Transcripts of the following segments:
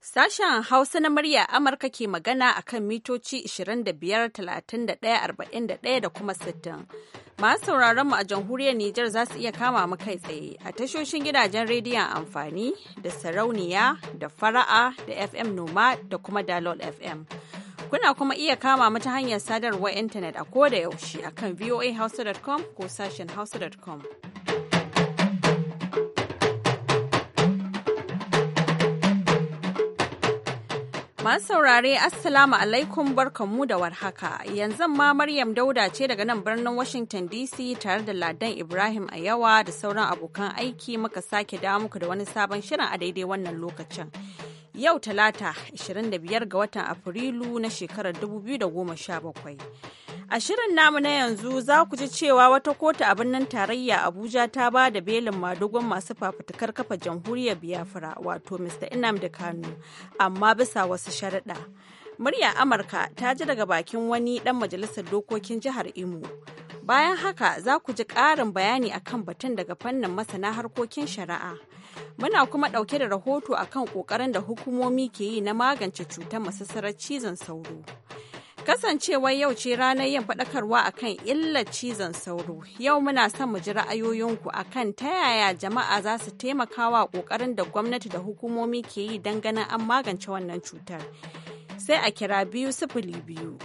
Sashen Hausa na murya Amurka ke magana akan mitoci 25, 31, 41 da kuma 60. Masu sauraron mu a jamhuriyar Nijar za su iya kama mu kai tsaye a tashoshin gidajen rediyon amfani da sarauniya da fara'a da FM Noma da kuma Dalol FM. Kuna kuma iya kama mu ta hanyar sadarwar intanet a koda yaushe akan voahausa.com ko sashen hausa.com. Masu saurare Assalamu alaikum barkanmu da warhaka. Yanzu ma Maryam Dauda ce daga nan birnin Washington DC tare da Ladan Ibrahim ayawa da sauran abokan aiki muka sake dawo muku da wani sabon shirin a daidai wannan lokacin. Yau Talata 25 ga watan Afrilu na shekarar 2017. A shirin namu na yanzu za ku ji cewa wata kotu a birnin tarayya Abuja ta ba da belin madogon masu fafutukar kafa jamhuriyar Biafra wato Mr. da Kano amma bisa wasu sharaɗa. Murya Amurka ta ji daga bakin wani ɗan majalisar dokokin jihar Imo. Bayan haka za ku ji ƙarin bayani akan batun daga fannin masana harkokin shari'a. Muna kuma ɗauke da rahoto akan ƙoƙarin da hukumomi ke yi na magance cutar masassarar cizon sauro. Kasancewar yau ce ranar yin faɗakarwa akan illar cizon sauro. Yau muna son mu ji ra'ayoyinku akan ta yaya jama'a za su taimakawa ƙoƙarin da gwamnati da hukumomi ke yi don ganin an magance wannan cutar. Sai a kira biyu sifili biyu,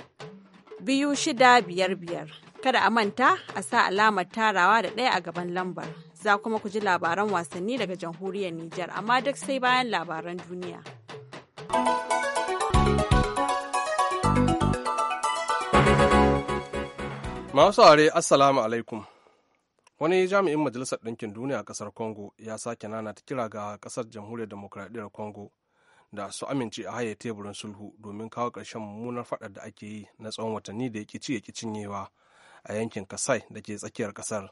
biyu shida biyar biyar. Kada a manta a sa alamar tarawa da ɗaya a gaban lambar. Za kuma ku ji labaran wasanni daga jamhuriyar Nijar, amma duk sai bayan labaran duniya. Masu are Assalamu alaikum. Wani jami'in Majalisar Ɗinkin Duniya a ƙasar Congo ya sake nana ta kira ga ƙasar Jamhuriyar Demokuraɗiyyar Congo da su amince a haye teburin sulhu domin kawo ƙarshen mummunar faɗar da ake yi na tsawon watanni da ya ƙi ya cinyewa a yankin Kasai da ke tsakiyar ƙasar.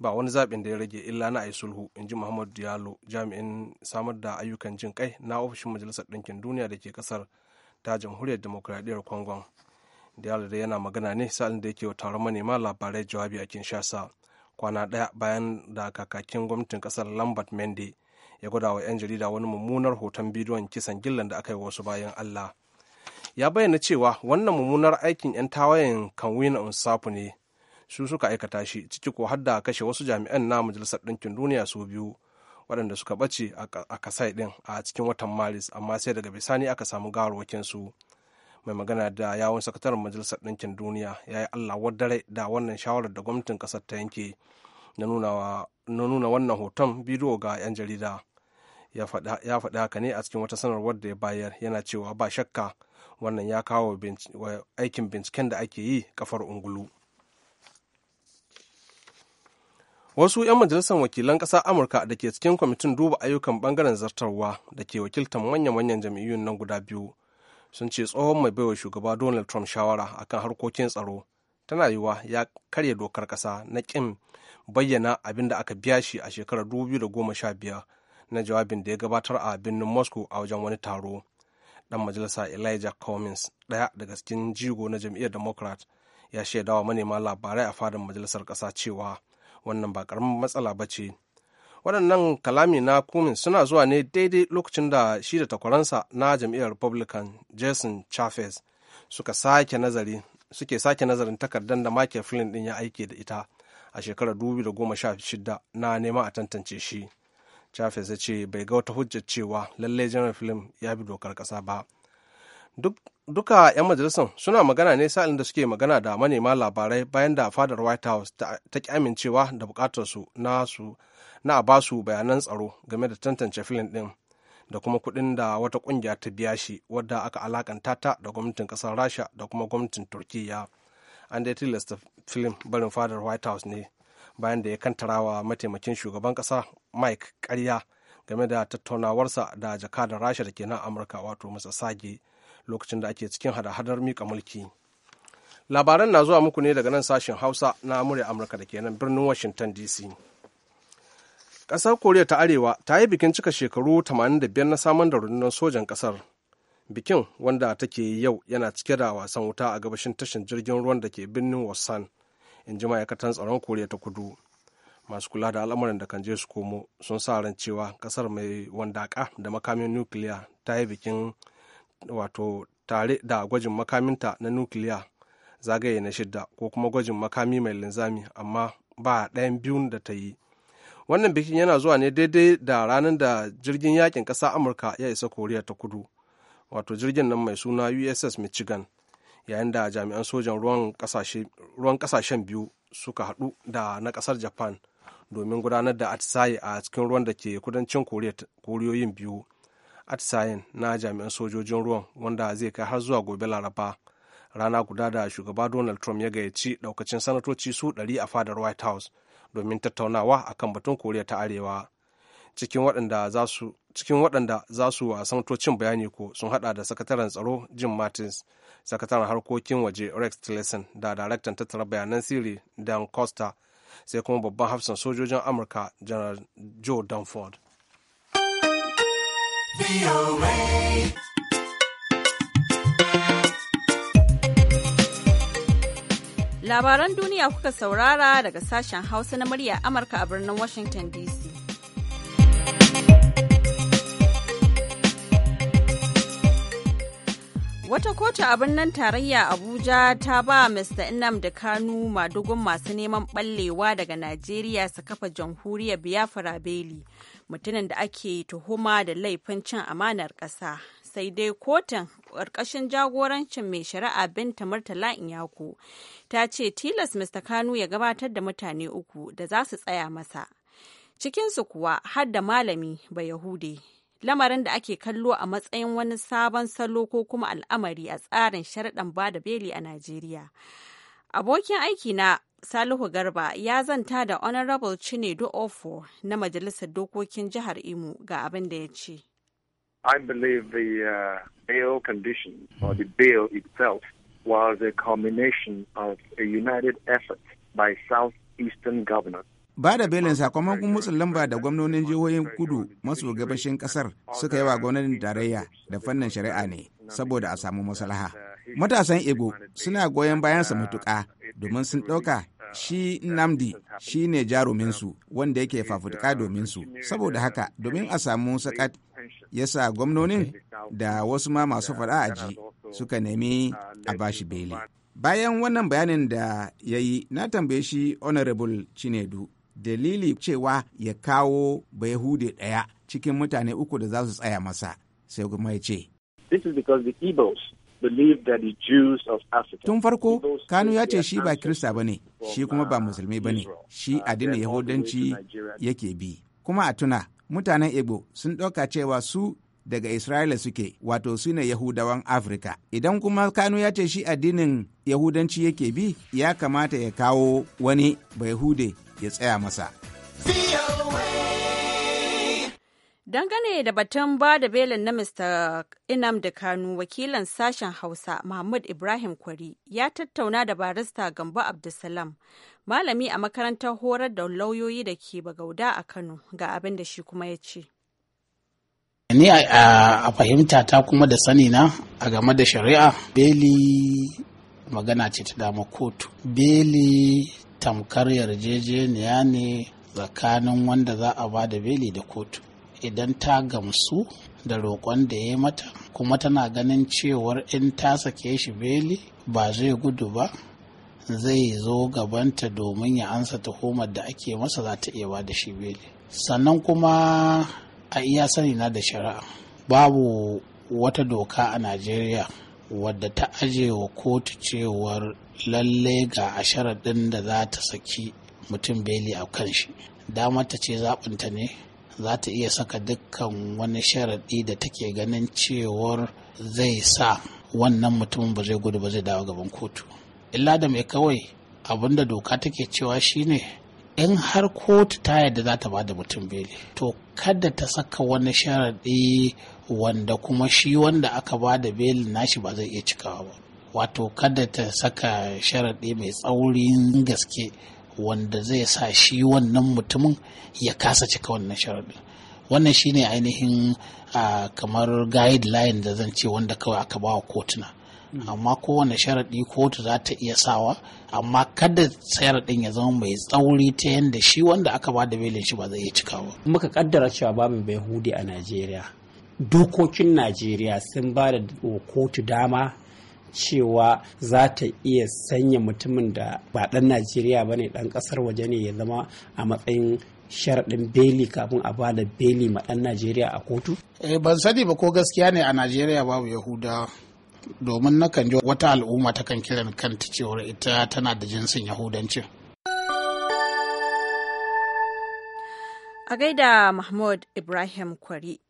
Ba wani zaɓin da ya rage illa na a sulhu, in ji Muhammadu Diallo, jami'in samar da ayyukan jin kai na ofishin Majalisar Ɗinkin Duniya da ke ƙasar ta Jamhuriyar Demokuraɗiyyar congon. Diallo da yana magana ne sa'in da yake wa taron manema labarai jawabi a Kinshasa kwana ɗaya bayan da kakakin gwamnatin ƙasar Lambert Mende ya gwada wa 'yan jarida wani mummunar hoton bidiyon kisan gillan da aka yi wasu bayan Allah. Ya bayyana cewa wannan mummunar aikin 'yan tawayen Kanwina Unsapu ne su suka aikata shi ciki ko har da kashe wasu jami'an na Majalisar Ɗinkin Duniya su biyu waɗanda suka ɓace a kasai ɗin a cikin watan Maris amma sai daga bisani aka samu gawarwakin su. mai magana da yawon sakataren majalisar ɗinkin duniya ya yi allah dare da wannan shawarar da gwamnatin ƙasar ta yanke na nuna wannan hoton bidiyo ga 'yan jarida ya faɗi haka ne a cikin wata sanarwar da ya bayar yana cewa ba shakka wannan ya kawo aikin binciken da ake yi kafar ungulu wasu 'yan majalisar wakilan ƙasa amurka da ke cikin kwamitin duba ayyukan bangaren zartarwa da ke wakiltar manya-manyan jam'iyyun nan guda biyu sun ce tsohon mai baiwa shugaba donald trump shawara akan harkokin tsaro tana yiwuwa ya karya dokar kasa na kin bayyana abin da aka biya shi a shekarar 2015 na jawabin da ya gabatar a birnin moscow a wajen wani taro dan majalisa elijah cummins daya daga cikin jigo na jam'iyyar democrat ya shaidawa manema labarai a fadin majalisar kasa cewa wannan ba karamin matsala ba ce waɗannan kalami na kumin suna zuwa ne daidai lokacin da shi da takwaransa na jam'iyyar republican jason chavez suka sake nazari suke sake nazarin takardar da michael flynn din ya aike da ita a shekarar 2016 na nema a tantance shi chavez ya ce bai ga wata hujjar cewa lallai general flynn ya bi dokar kasa ba duka 'yan majalisar suna magana ne sa'ilin da suke magana da manema labarai bayan da fadar white house ta ki amincewa da bukatarsu na su na ba su bayanan tsaro game da tantance filin ɗin da kuma kuɗin da wata ƙungiya ta biya shi wadda aka alakanta ta da gwamnatin ƙasar rasha da kuma gwamnatin turkiyya an dai tilasta filin barin fadar white house ne bayan da ya kantara wa mataimakin shugaban ƙasa mike karya game da tattaunawarsa da jakadar rasha da ke nan amurka wato masa masasage lokacin da ake cikin hada-hadar mika mulki labaran na zuwa muku ne daga nan sashen hausa na amurya amurka da ke nan birnin washington dc ƙasar koriya ta arewa ta yi bikin cika shekaru 85 na samar da rundunar sojan ƙasar bikin wanda take yi yau yana cike da wasan wuta a gabashin tashin jirgin ruwan da ke birnin wasan in ji ma'aikatan tsaron koriya ta kudu masu kula da al'amuran da kan je su komo sun sa ran cewa kasar mai wandaka da makamin nukiliya ta yi bikin wato tare da gwajin makaminta na nukiliya zagaye na shidda ko kuma gwajin makami mai linzami amma ba ɗayan biyun da ta yi wannan bikin yana zuwa ne daidai da ranar da jirgin yakin ƙasa amurka ya isa koriya ta kudu wato jirgin nan mai suna uss michigan yayin da jami'an sojan ruwan kasashen biyu suka haɗu da na ƙasar japan domin gudanar da atisaye a cikin ruwan da ke kudancin koriyoyin biyu atisayen na jami'an sojojin ruwan wanda zai kai har zuwa gobe laraba rana guda da shugaba donald trump ya gayyaci daukacin sanatoci su 100 a fadar white house domin tattaunawa a kan batun koriya ta arewa cikin waɗanda za su wasanto cin bayani ko sun hada da sakataren tsaro jim martins sakataren harkokin waje rex tillerson da daraktan tattara bayanan sirri dan costa sai kuma babban hafsan sojojin amurka janar joe danford Labaran duniya kuka saurara daga sashen Hausa na murya Amurka a birnin Washington DC. Wata kotu a birnin tarayya Abuja ta ba Mr. Inam da Kanu madugun masu neman ɓallewa daga Najeriya su kafa jamhuriyar Biafra Beli, mutumin da ake tuhuma da laifin cin amanar ƙasa. sai dai kotun ƙarƙashin jagorancin mai shari'a binta murtala inyaku ta ce tilas mr kanu ya gabatar da mutane uku da za su tsaya masa cikinsu kuwa har da malami ba yahude lamarin da ake kallo a matsayin wani sabon salo ko kuma al'amari a tsarin sharaɗan bada beli a najeriya abokin aiki na salihu garba ya zanta da honorable chinedu ofo na majalisar dokokin jihar imo ga abin da ya ce I believe the uh, bail condition or the bail itself was a combination of a united effort by southeastern governors ba da belin sakamakon matsin lamba da gwamnonin jihohin kudu maso gabashin kasar suka yawa wa gwamnatin tarayya da fannin shari'a ne saboda a samu maslaha matasan ego suna goyon bayansa matuƙa domin sun ɗauka shi namdi shi ne jaruminsu wanda yake fafutuka domin su saboda haka domin a samu sakat yasa gwamnonin da wasu ma masu faɗa ji suka nemi a bashi beli bayan wannan bayanin da ya yi na tambaye shi honorable chinedu dalili cewa ya kawo bayahude ɗaya cikin mutane uku da za su tsaya masa sai kuma ya ce Tun farko, Kanu ya ce shi ba Kirista ba ne, shi kuma ba uh, Musulmi ba ne, shi uh, addinin Yahudanci yake bi. Kuma a tuna, mutanen igbo sun ɗauka cewa su daga isra'ila suke wato su ne yahudawan afirka idan kuma kanu ya ce shi addinin yahudanci yake bi ya kamata ya kawo wani bayahude ya tsaya masa. Dangane da batun ba da belin na Mr. Inam da Kanu wakilan sashen Hausa Mahmud Ibrahim Kwari ya tattauna da barista Gambo Abdulsalam malami a makarantar horar da lauyoyi da ke Bagauda a Kano ga abin da shi kuma ya ce. Ni a fahimta ta kuma da sani na a game da shari'a beli magana ce ta dama kotu. Beli tamkar yarjejeniya ne tsakanin wanda za a ba da beli da kotu. idan ta gamsu da roƙon da ya mata kuma tana ganin cewar in ta sake shi beli ba zai gudu ba zai zo gabanta domin ya ansa tuhumar da ake masa za ta iya da shi beli sannan kuma a iya sani na da shari'a babu wata doka a najeriya wadda ta aje wa kotu cewar lalle ga a sharaɗin da za ta saki mutum beli a kan shi dama ta ce zaɓinta ne za ta iya saka dukkan wani sharaɗi da take ganin cewar zai sa wannan mutumin ba zai gudu ba zai dawo gaban kotu illa da mai kawai abinda doka take cewa shine in har kotu ta yadda za ta bada mutum beli to kada ta saka wani sharaɗi wanda kuma shi wanda aka bada belin nashi ba zai iya cikawa ba wato kada ta saka sharaɗi mai tsaurin gaske wanda zai sa shi wannan mutumin ya kasa cika wannan sharaɗin wannan shine ainihin kamar guideline da zan ce wanda kawai aka bawa kotuna hmm. amma kowane sharaɗi kotu za ta iya sawa amma kada sharaɗin ya zama mai tsauri ta yadda shi wanda aka ba da belin shi ba zai iya cika ba muka kaddara cewa babu bai hudi a najeriya dokokin najeriya sun ba da kotu dama cewa za ta iya sanya mutumin da ba dan najeriya ba ne ɗan ƙasar waje ne ya zama a matsayin sharaɗin beli kafin a bada beli ma dan najeriya a kotu eh ban sani ba ko gaskiya ne a najeriya babu Yahuda domin nakan ji wata al'umma ta kan kiran kanta cewar ita tana da jinsin yahudanci a gaida mahmud ibrahim kwari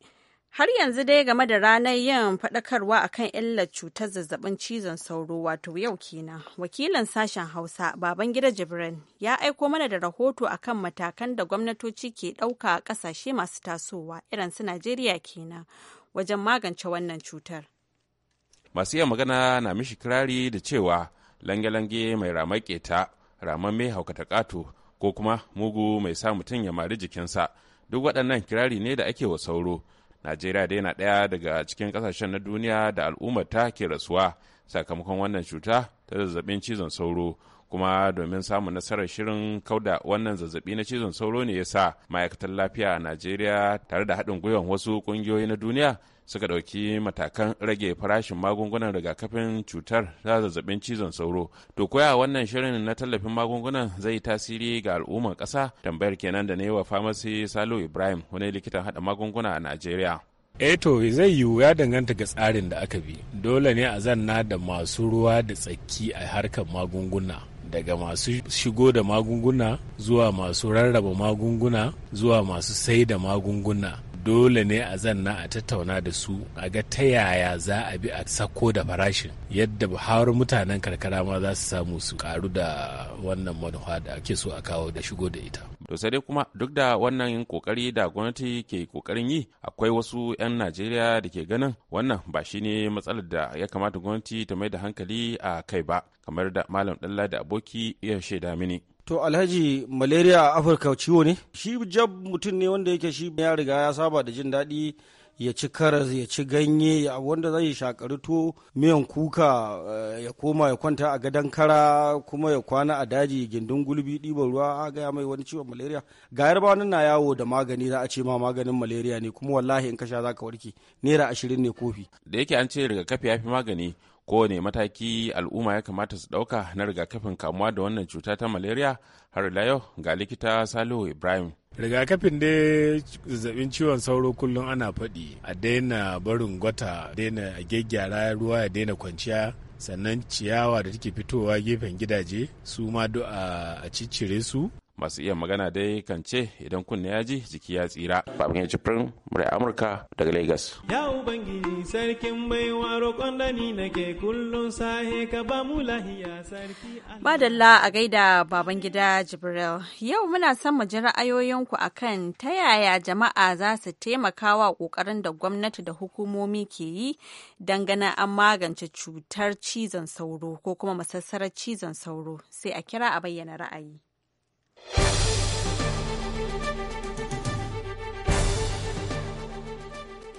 Har yanzu dai game da ranar yin faɗakarwa akan illar cutar zazzabin cizon sauro wato yau kenan. Wakilin sashen Hausa baban gida Jibrin ya aiko mana da rahoto akan matakan da gwamnatoci ke ɗauka a ƙasashe masu tasowa irin su Najeriya kenan wajen magance wannan cutar. Masu iya magana na mishi kirari da cewa lange-lange mai ramar keta, ramar mai haukata ƙato ko kuma mugu mai sa mutum ya mari jikinsa duk waɗannan kirari ne da ake wa sauro. najeriya dai na ɗaya daga cikin ƙasashen na duniya da al'ummar ta ke rasuwa sakamakon wannan cuta ta zazzabin cizon sauro kuma domin samun nasarar shirin kauda wannan zazzabi na cizon sauro ne ya sa ma'aikatar lafiya a najeriya tare da haɗin gwiwan wasu ƙungiyoyi na duniya suka ɗauki matakan rage farashin magungunan rigakafin cutar ta zazzabin cizon sauro to koya wannan shirin na tallafin magungunan zai tasiri ga al'ummar ƙasa tambayar kenan da ne wa famasi salo ibrahim wani likitan haɗa magunguna a najeriya eto eh zai yiwu ya danganta ga tsarin da aka bi dole ne a zanna da masu ruwa da tsaki a harkar magunguna daga masu shigo da magunguna zuwa masu rarraba magunguna zuwa masu sai da magunguna dole ne a zanna a tattauna da su a ga ta yaya za a bi a sako da farashin yadda har mutanen karkara ma za su samu su karu da wannan manufa da ake so a kawo da shigo da ita to sai dai kuma duk da wannan yin kokari da gwamnati ke kokarin yi akwai wasu 'yan najeriya da ke ganin wannan ba shi ne matsalar da ya kamata gwamnati ta mai da hankali a kai ba kamar da malam dalla da aboki iya shaida mini To Alhaji malaria a Afirka ciwo ne? Shi jab mutum ne wanda yake shi ya riga ya saba da jin daɗi ya ci karas ya ci ganye ya wanda zai shakari to miyan kuka eh, ya koma ya kwanta a gadon kara kuma ya kwana a daji gindin gulbi ɗiban ruwa a gaya mai wani ciwon malaria ga yarba na yawo da magani za a ce ma maganin malaria ne kuma wallahi in ka sha ka warke naira ashirin ne kofi da yake an ce rigakafi ya fi magani kowane mataki al'umma ya kamata su ɗauka na rigakafin kamuwa da wannan cuta ta malaria har ila yau ga likita salihu ibrahim rigakafin dai zazzabin ciwon sauro kullum ana faɗi a daina barin gwata daina a gyaggyara ruwa ya daina kwanciya sannan ciyawa da take fitowa gefen gidaje su ma a ciccire su masu iya magana dai kan ce idan kunne ya ji jiki ya tsira. Babin ya cifirin murai Amurka daga Lagos. Ya Ubangiji sarkin baiwa roƙon da ni nake kullum sahe ka ba mu lahiya sarki. Badalla a gaida baban gida Jibril. Yau muna son mu ji ra'ayoyinku akan ta yaya jama'a za su taimaka wa ƙoƙarin da gwamnati da hukumomi ke yi dangane an magance cutar cizon sauro ko kuma masassarar cizon sauro sai a kira a bayyana ra'ayi.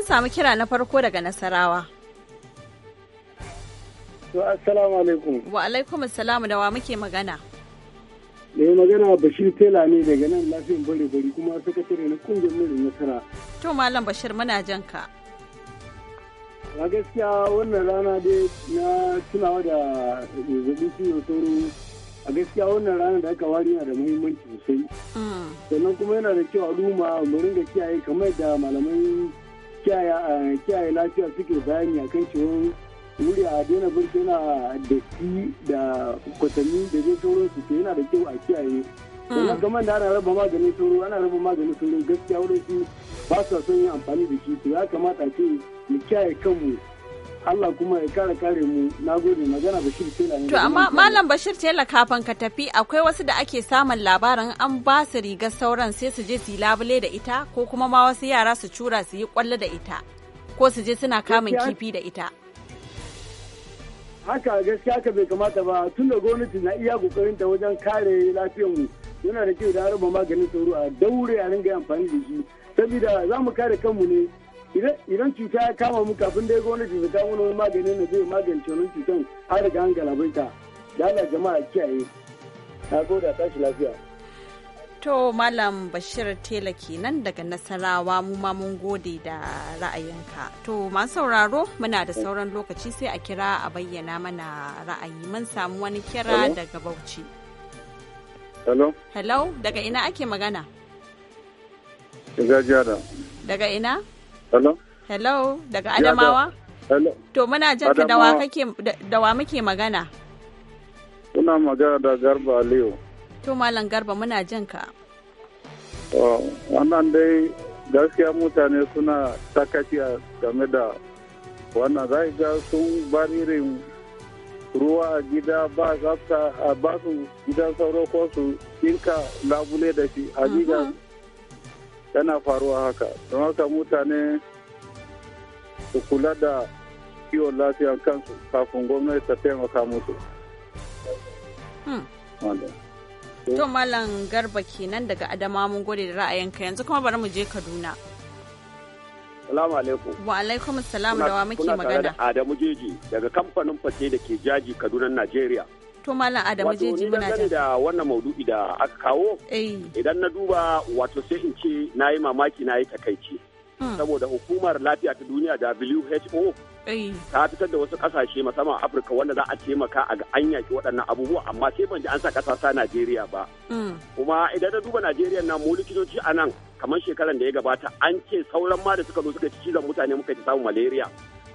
mun samu kira na farko daga Nasarawa. To assalamu alaikum. Wa alaikum assalamu da wa muke magana. Me magana Bashir Tela ne daga nan lafiyan bare bari kuma sakatare na kungiyar mai nasara. To Malam Bashir muna jan ka. A gaskiya wannan rana dai na tunawa da zazzabin cizon sauro a gaskiya wannan rana da aka wari yana da muhimmanci sosai mm. sannan kuma yana da kyau a duma mu ringa kiyaye kamar da malamai Eh, kiyaye lafiya suke bayani a kan cewa wuri a daina barci yana da fi da kwatanni da zai sauran su ke yana da kyau a kiyaye hmm. sannan kama da ana raba maganin sauro ana raba maganin sauro gaskiya wurin su ba sa son yin amfani da shi to ya kamata ce mu kiyaye kanmu Allah kuma ya kare kare mu na gode magana Bashir Tela ne. To amma Malam Bashir Tela kafin ka tafi akwai wasu da ake samun labarin an ba su rigar sauran sai su je su yi labule da ita ko kuma ma wasu yara su cura su yi kwallo da ita ko su je suna kamun kifi da ita. Haka gaskiya ka bai kamata ba tun da gwamnati na iya kokarin ta wajen kare lafiyar mu yana da kyau da raba maganin sauro a daure a ringa amfani da shi saboda za mu kare kanmu ne idan cuta ya kama mu kafin dai gwamnati ta kawo wani maganin na zai magance wani cutan an riga an galabaita da Allah jama'a kiyaye na goda tashi lafiya to malam bashir tela kenan daga nasarawa mu ma mun gode da ra'ayinka to masu sauraro muna da sauran lokaci sai a kira a bayyana mana ra'ayi mun samu wani kira daga bauchi hello hello daga ina ake magana daga ina Hello? Hello, daga Adamawa? Hello. To muna jan ka da wa muke magana. Muna magana da Garba Aliyu. To Malam Garba muna jan ka. wannan dai gaskiya mutane suna takaci game da wannan zai ga sun baririn ruwa a gida ba a ba su gidan sauro ko su dinka labule da shi a gidan yana faruwa haka don haka mutane su kula da kiwon lafiyar kansu kafin gwamnati ta taimaka musu. Hmm. To Malam Garba kenan daga Adama mun gode da ra'ayinka yanzu kuma bari mu je Kaduna. Salamu alaikum. Wa alaikum salam da wa muke magana. Adamu Jeji daga kamfanin fate da ke jaji Kaduna Najeriya. to malam adamu jeji muna da wannan maudu'i da aka kawo eh. idan na duba wato sai in ce na yi mamaki na yi takaici hmm. saboda hukumar lafiya ta duniya WHO eh. ta fitar da wasu kasashe musamman Afirka wanda za a taimaka a ga an yaki waɗannan abubuwa amma sai ban ji an sa ƙasasa Najeriya ba hmm. kuma idan na duba Najeriya na mu likitoci a nan kamar shekaran da ya gabata an ce sauran ma da suka zo suka ci cizon mutane muka ci samun malaria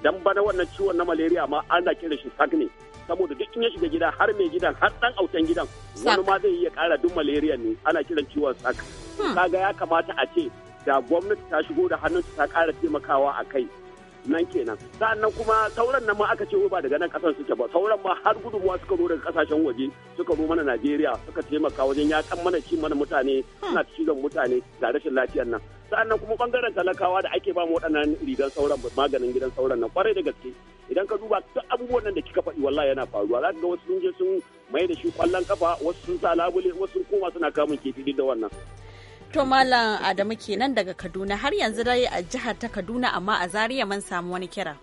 dan bana wannan ciwon na malaria ma ana kira shi sak ne saboda duk in ya shiga gida har mai gidan har dan autan gidan wani ma zai iya kara duk malaria ne ana kiran ciwon sak hmm. kaga ya kamata a ce da gwamnati ta shigo da hannunta ta kara taimakawa a kai nan kenan sa'annan kuma sauran nan ma aka ce ba daga nan kasar suke ba sauran ma har gudunmuwa suka zo daga kasashen waje suka zo mana Najeriya suka taimaka wajen kan mana ci mana mutane suna hmm. cizon mutane da rashin lafiyar nan sa'annan kuma bangaren talakawa da ake ba mu waɗannan rigar sauran maganin gidan sauran nan kwarai da gaske idan ka duba duk abubuwan nan da kika faɗi wallahi yana faruwa za ga wasu sun je sun mai da shi kwallon kafa wasu sun sa labule wasu sun koma suna kamun kifi duk da wannan To Malam Adamu kenan daga Kaduna har yanzu dai a jihar ta Kaduna amma a Zariya man samu wani kira.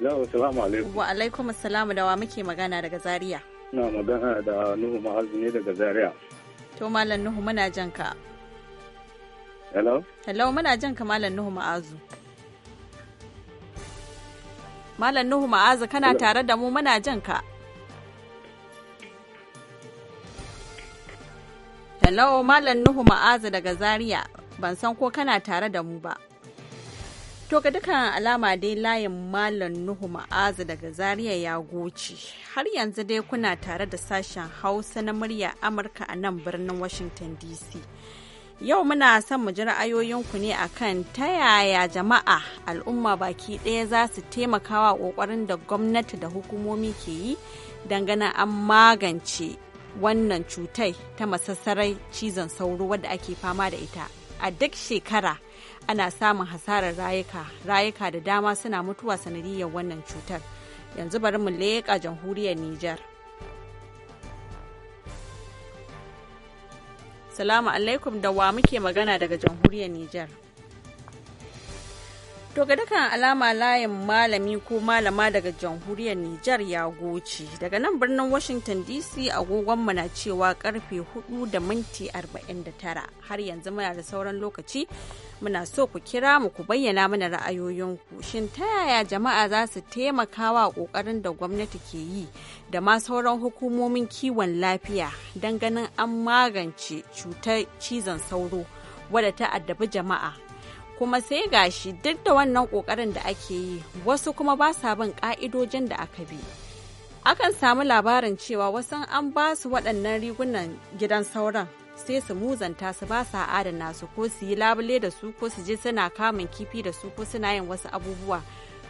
Wa alaikum assalamu da wa muke magana daga Zariya. Na magana da Nuhu mahazu ne daga zariya To Malam Nuhu muna jan ka. Hello? Hello muna jan ka Malam Nuhu Ma'azu. Malam Nuhu Ma'azu kana tare da mu muna jan ka. Hello, Malam Nuhu Ma'azu daga Zaria, ban san ko kana tare da mu ba. To ga dukkan alama dai layin Malam Nuhu Ma'azu daga Zaria ya goce. Har yanzu dai kuna tare da sashen Hausa na murya Amurka a nan birnin Washington DC. Yau muna son mu ji ra'ayoyinku ne akan ta yaya jama'a al'umma baki ɗaya za su taimakawa ƙoƙarin da gwamnati da hukumomi ke yi dangane an magance wannan cutai ta masassarai cizon sauro wadda ake fama da ita a duk shekara ana samun hasarar rayuka rayuka da dama suna mutuwa sanadiyar wannan cutar yanzu bari mu leƙa jamhuriyar niger salamu alaikum da wa muke magana daga jamhuriyar niger To ga dukkan alama layin malami ko malama daga jamhuriyar Nijar ya goce. Daga nan birnin Washington DC agogonmu na cewa karfe 4 da minti 49 har yanzu muna da sauran lokaci muna so ku kira mu ku bayyana mana ra'ayoyinku. Shin ta yaya jama'a za su taimakawa wa kokarin da gwamnati ke yi da ma sauran hukumomin kiwon lafiya don ganin an magance cutar cizon sauro wadda ta addabi jama'a kuma sai gashi duk da wannan ƙoƙarin da ake yi wasu kuma ba sa bin ƙa'idojin da aka bi akan samu labarin cewa wasu an ba su waɗannan rigunan gidan sauran sai su muzanta su ba sa adana su ko su yi labule da su ko su je suna kamun kifi da su ko suna yin wasu abubuwa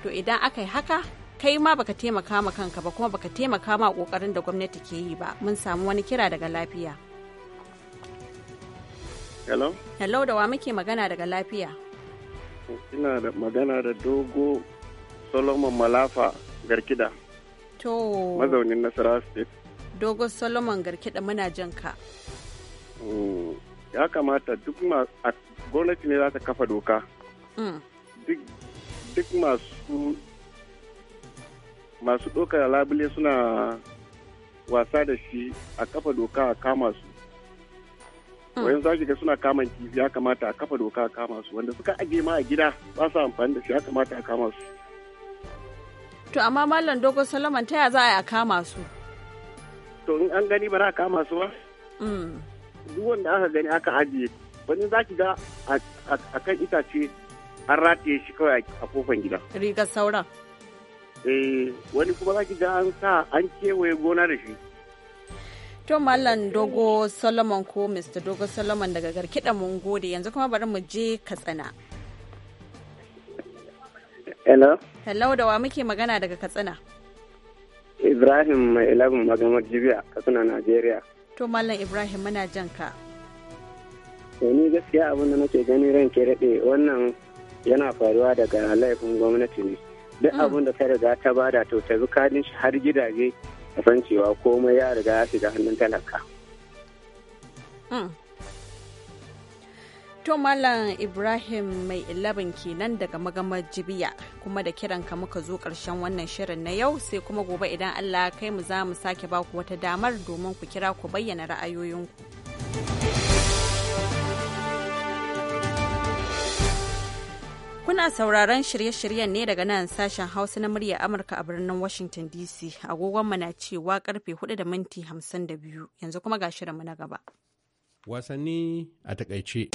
to idan aka yi haka kai ma baka taimaka ma kanka ba kuma baka taimaka ma kokarin da gwamnati ke yi ba mun samu wani kira daga lafiya hello hello da wa muke magana daga lafiya ina da magana da dogo solomon malafa garkida to mazaunin nasarawa state dogo solomon garkida muna jan ka mm, ya kamata duk a gwamnati ne za ta kafa doka mm. duk masu masu ɗaukar labule suna wasa da shi a kafa doka a kama su wayan za ga suna kaman kifi ya kamata a kafa doka a kama su wanda suka aje ma a gida ba su amfani da shi ya kamata a kama su to amma mallam dogon salaman ta ya za a yi a kama su to in an gani ba za a kama su ba mm. duk wanda aka gani aka ajiye wani za ki ga a kan itace an rataye shi kawai a kofan gida rigar sauran eh wani kuma za ki ga an sa an kewaye gona da shi To Mallam Dogo Solomon ko Mr. Dogo Solomon daga garkiɗa mun gode yanzu kuma bari mu je Katsina. Hello. Hello da wa muke magana daga Katsina. Ibrahim mai ilabin magamar Jibiya, Katsina, Najeriya. To Mallam Ibrahim muna jan ka. ni gaskiya abin da nake gani ran ke daɗe wannan yana faruwa daga laifin gwamnati ne. Duk mm. abin da ta riga ta bada to ta bi kadin shi har gidaje kasan san cewa komai ya riga ya shiga hannun talaka. Hmm. To Malam Ibrahim mai ilabin kenan daga magamar jibiya kuma da kiranka muka zo ƙarshen wannan shirin na yau sai kuma gobe idan Allah kai mu za mu sake baku wata damar domin ku kira ku bayyana ra'ayoyinku. Kuna sauraron shirye-shiryen ne daga nan sashen Hausa na murya Amurka a birnin Washington DC. Agogonmu na cewa karfe 4 da minti 52 yanzu kuma ga shirinmu na gaba. Wasanni a takaice.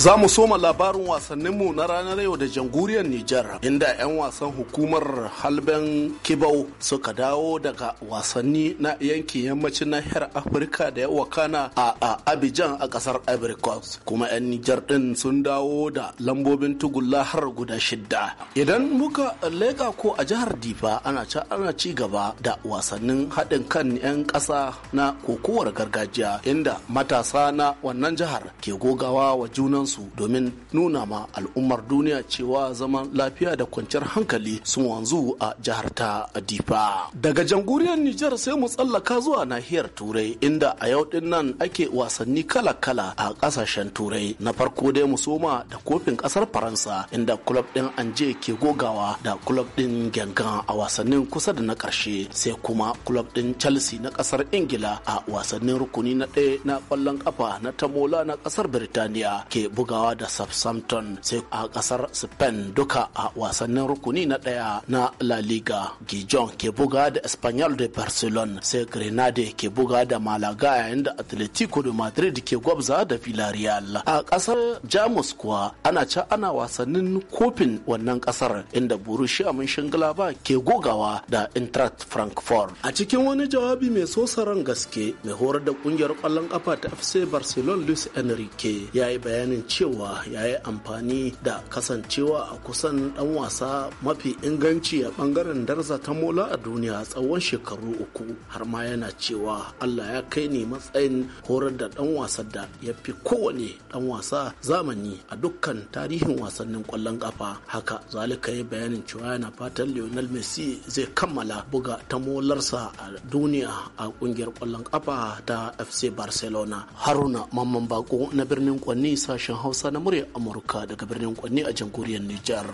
Za mu soma labarin wasanninmu na ranar yau da janguriyar Nijar, inda 'yan wasan hukumar halben kibau suka dawo daga wasanni na yankin yammacin nahiyar Afirka da ya wakana a Abidjan a kasar Ivory Coast. Kuma 'yan Nijar ɗin sun dawo da lambobin tugulla har guda shidda. Idan muka leka ko a jihar Difa ana ci ana ci gaba da wasannin haɗin kan 'yan ƙasa na kokowar gargajiya, inda matasa na wannan jihar ke gogawa wa junan su domin nuna ma al'ummar duniya cewa zaman lafiya da kwanciyar hankali sun wanzu a jihar ta Difa. Daga janguriyar Nijar sai mu tsallaka zuwa nahiyar Turai inda a yau din nan ake wasanni kala-kala a kasashen Turai. Na farko dai mu soma da kofin ƙasar Faransa inda kulob din Anje ke gogawa da kulob din Gengan a wasannin kusa da na ƙarshe sai kuma kulob din Chelsea na ƙasar Ingila a wasannin rukuni na ɗaya na ƙwallon ƙafa na Tamola na ƙasar Birtaniya ke bugawa da Southampton sai a kasar Spain duka a wasannin rukuni na daya na La Liga. Gijon ke buga da Espanyol de Barcelona sai Grenade ke buga da Malaga yayin da Atletico de Madrid ke gwabza da Villarreal. A kasar Jamus kuwa ana can ana wasannin kofin wannan kasar inda Borussia Mönchengladbach ke gogawa da Eintracht Frankfurt. A cikin wani jawabi mai sosaran gaske mai horar da kungiyar kwallon kafa ta FC Barcelona Luis Enrique ya yi bayanin cewa ya yi amfani da kasancewa a kusan dan wasa mafi inganci a bangaren darza ta mola a duniya tsawon shekaru uku har ma yana cewa allah ya kai ni matsayin horar da dan wasa da ya fi kowane dan wasa zamani a dukkan tarihin wasannin kwallon kafa haka zalika ya bayanin cewa yana fatan lionel messi zai kammala buga ta molarsa a duniya a kungiyar kwallon kafa ta fc barcelona haruna mamman bako na birnin kwanni sashen Hausa na murya Amurka daga birnin Kwanne a jamhuriyar Nijar.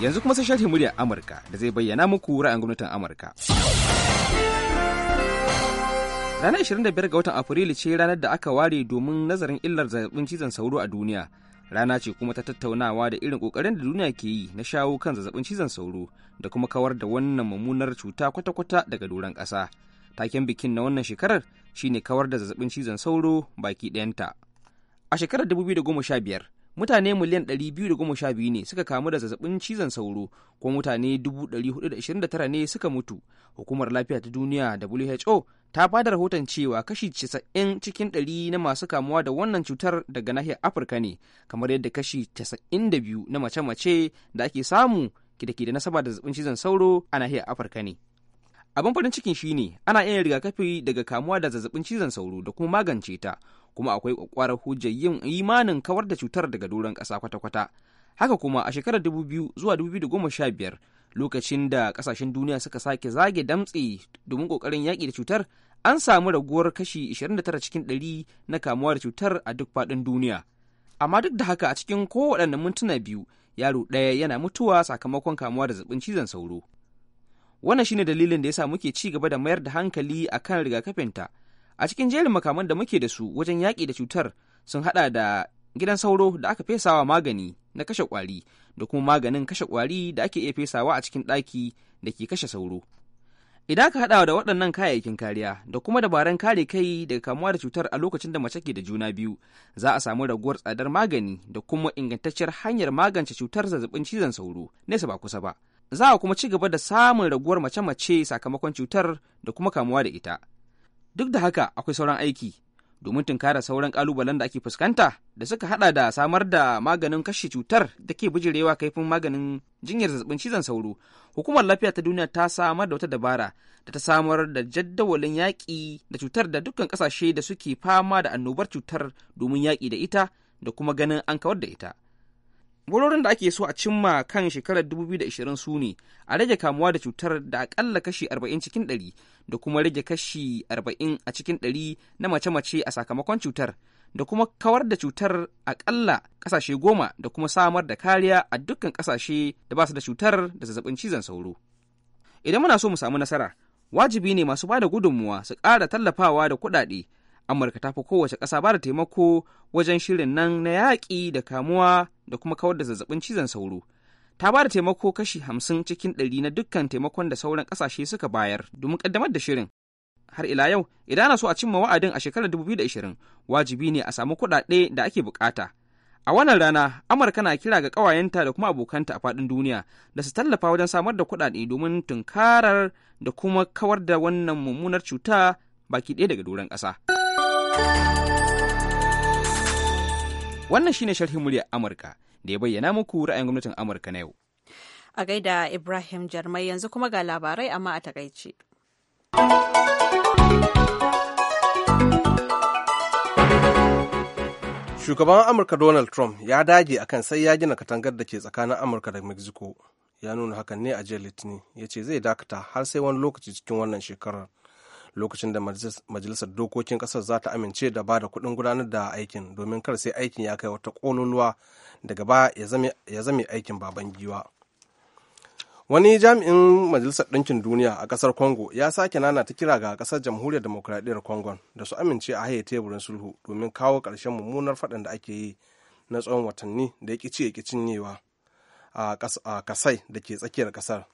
Yanzu kuma sai sharhi muryar Amurka da zai bayyana muku ra'ayin gwamnatin Amurka. Ranar 25 ga watan Afrilu ce ranar da aka ware domin nazarin illar zazzabin cizon sauro a duniya. Rana ce kuma ta tattaunawa da irin kokarin da duniya ke yi na shawo kan zazzabin cizon sauro da kuma kawar da wannan mummunar cuta kwata-kwata daga doron kasa. Taken bikin na wannan shekarar shine kawar da zazzabin cizon sauro baki ɗayanta. A shekarar 2015, mutane miliyan 212 ne suka kamu da zazzabin cizon sauro ko mutane 429 ne suka mutu. Hukumar Lafiya ta Duniya WHO ta ba da rahoton cewa kashi 90 cikin 100 na masu kamuwa da wannan cutar daga nahiyar Afirka ne, kamar yadda kashi 92 na mace-mace da ake samu da ke da nasaba da zazzabin cizon sauro a nahiyar Afirka ne. abin farin cikin shine ana iya rigakafi daga kamuwa da zazzabin cizon sauro da kuma magance ta kuma akwai kwakwarar hujjar yin imanin kawar da cutar daga doron kasa kwata-kwata haka kuma a shekarar 2000 zuwa 2015 lokacin da kasashen duniya suka sake zage damtse domin kokarin yaƙi da cutar an samu raguwar kashi 29 cikin ɗari na kamuwa da cutar a duk faɗin duniya amma duk da haka a cikin kowaɗanne mintuna biyu yaro ɗaya yana mutuwa sakamakon kamuwa da zazzabin cizon sauro wannan shine dalilin da yasa muke ci gaba da mayar da hankali a kan rigakafinta a cikin jerin makaman da muke da su wajen yaƙi da cutar sun haɗa da gidan sauro da aka fesawa magani na kashe ƙwari da kuma maganin kashe ƙwari da ake iya fesawa a cikin ɗaki da ke kashe sauro idan aka haɗawa da waɗannan kayayyakin kariya da kuma dabaran kare kai daga kamuwa da cutar a lokacin da mace ke da juna biyu za a samu raguwar tsadar magani da kuma ingantacciyar hanyar magance cutar zazzabin cizon sauro nesa ba kusa ba za a kuma ci gaba da samun raguwar mace-mace sakamakon cutar da kuma kamuwa da ita. Duk da haka akwai sauran aiki domin tunkara sauran kalubalen da ake fuskanta da suka hada da samar da maganin kashe cutar da ke bijirewa kaifin maganin jinyar zazzabin cizon sauro. Hukumar lafiya ta duniya ta samar da wata dabara da ta samar da jaddawalin yaƙi da cutar da dukkan ƙasashe da suke fama da annobar cutar domin yaƙi da ita da kuma ganin an kawar da ita. Wurorin da ake so a cimma kan shekarar 2020 su ne a rage kamuwa da cutar da akalla kashi 40 cikin 100 da kuma rage kashi 40 a cikin 100 na mace-mace a sakamakon cutar da kuma kawar da cutar akalla kasashe goma da kuma samar da kariya a dukkan kasashe da ba su da cutar da zazzabin cizon sauro. Idan muna so mu samu nasara, wajibi ne masu ba da gudunmuwa su ƙara tallafawa da kuɗaɗe amurka ta fi kowace ƙasa ba da taimako wajen shirin nan na yaƙi da kamuwa da kuma kawar da zazzabin cizon sauro ta ba da taimako kashi hamsin cikin ɗari na dukkan taimakon da sauran ƙasashe suka bayar domin ƙaddamar da shirin har ila yau idan ana so a cimma wa'adin a shekarar 2020 wajibi ne a samu kuɗaɗe da ake buƙata a wannan rana amurka na kira ga ƙawayenta da kuma abokanta a faɗin duniya da su tallafa wajen samar da kuɗaɗe domin tunkarar da kuma kawar da wannan mummunar cuta baki ɗaya daga doron ƙasa. Wannan shine sharhin murya Amurka da ya bayyana muku ra'ayin gwamnatin Amurka na yau. A gaida Ibrahim Jarmai yanzu kuma ga labarai amma a takaice. Shugaban Amurka Donald Trump ya dage akan sai ya gina katangar da ke tsakanin Amurka da Mexico. Ya nuna hakan ne a jiya Litinin, ya ce zai dakata har sai wani lokaci cikin wannan shekarar. lokacin da majalisar dokokin kasar za ta amince da ba da kuɗin gudanar da aikin domin kar sai aikin ya kai wata ƙololuwa daga baya ya zame aikin baban giwa wani jami'in majalisar ɗinkin duniya a ƙasar congo ya sake nana ta kira ga ƙasar jamhuriyar demokuraɗiyyar congo da su amince a haye teburin sulhu domin kawo ƙarshen mummunar faɗin da ake yi na tsawon watanni da ya ƙici ya ƙi cinyewa a kasai da ke tsakiyar ƙasar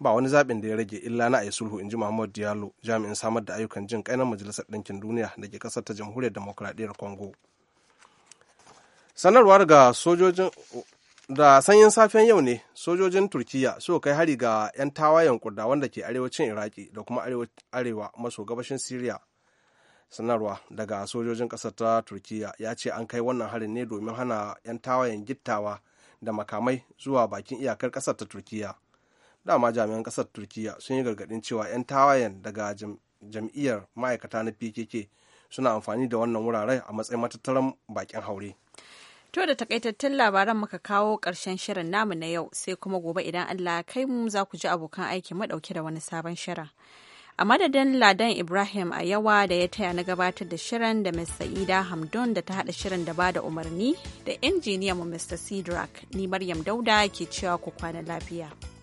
ba wani zaɓin da ya rage illa na a yi sulhu in ji muhammad diallo jami'in samar da ayyukan jin kai majalisar ɗinkin duniya da ke ƙasar ta jamhuriyar demokuraɗiyyar congo sanarwar ga sojojin da sanyin safen yau ne sojojin turkiyya suka kai hari ga 'yan tawayen kurda wanda ke arewacin iraki da kuma arewa maso gabashin siriya sanarwa daga sojojin ƙasar ta turkiya ya ce an kai wannan harin ne domin hana 'yan tawayen gittawa da makamai zuwa bakin iyakar ƙasar ta turkiya dama jami'an kasar turkiya sun yi gargadin cewa 'yan tawayen daga jam'iyyar ma'aikata na pkk suna amfani da wannan wuraren a matsayin matattaran bakin haure to da takaitattun labaran muka kawo karshen shirin namu na yau sai kuma gobe idan allah kai mu za ku ji abokan aiki madauke da wani sabon shirin a madadin ladan ibrahim a yawa da ya taya na gabatar da shirin da mr ida hamdun da ta hada shirin da ba da umarni da injiniyan mr sidrak ni maryam dauda ke cewa ku kwana lafiya